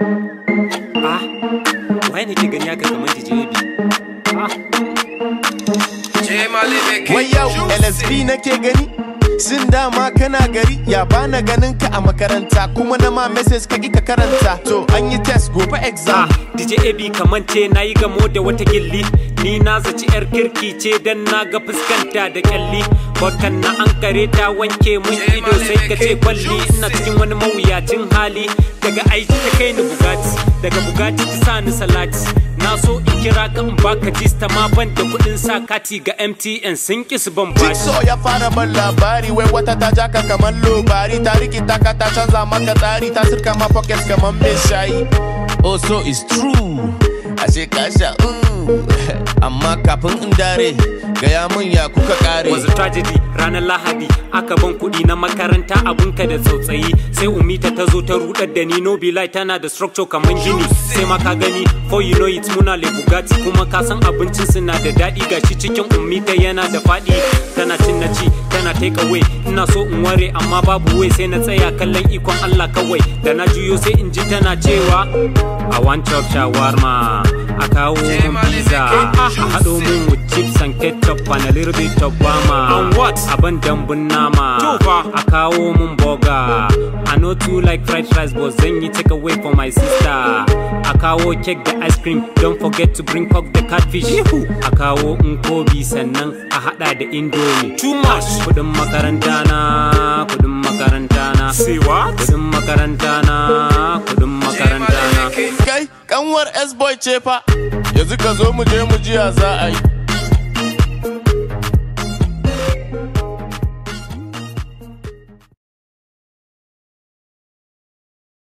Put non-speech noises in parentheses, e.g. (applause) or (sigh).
Ah, wai gani haka kamar jijebi. Ah. Wai yau LSB nake gani? Sin dama kana gari ya bana ganin ka a makaranta kuma na ma message ka ka karanta to an yi test gobe exam. Ah, DJ AB ce, na yi gamo da wata gilli ni na zaci yar kirki ce dan na ga fuskanta da kyalli. bakan na an kare ta wanke mun eh, ido sai ka ce kwalli ina cikin wani mawuyacin hali daga aiki ta kai ni bugati daga bugati ta sa ni salati na so in kira ka in baka jista ma ban da kudin sa kati ga MTN sun ki su ban bashi so ya fara ban labari wai wata ta jaka kamar lobari ta rikita ka ta canza maka tsari ta sirka ma pockets kamar mai shayi oh so it's true ashe ka sha uh. (laughs) amma kafin in dare gaya mun ya kuka kare was tragedy ranar lahadi aka ban kuɗi na makaranta abunka da tsautsayi sai umita ta zo ta rudar da ni no tana da structure kamar gini sai ma ka gani for you know it muna le bugatti kuma ka san abincin suna da daɗi gashi cikin umita yana da faɗi tana cin ci tana take away ina so in ware amma babu wai sai na tsaya kallon ikon Allah kawai da na juyo sai in ji tana cewa I want chop shawarma kawo mun pizza ah, ah, haɗo mun chips and ketchup and a little bit of bama abin dambun nama a kawo mun boga I know too like fried rice but zan yi take away for my sister a kawo cake da ice cream don't forget to bring coke da catfish a kawo nkobi sannan a haɗa da indomie too much kuɗin makaranta na kanwar S-boy ce fa yanzu ka zo mu je mu jiya za a yi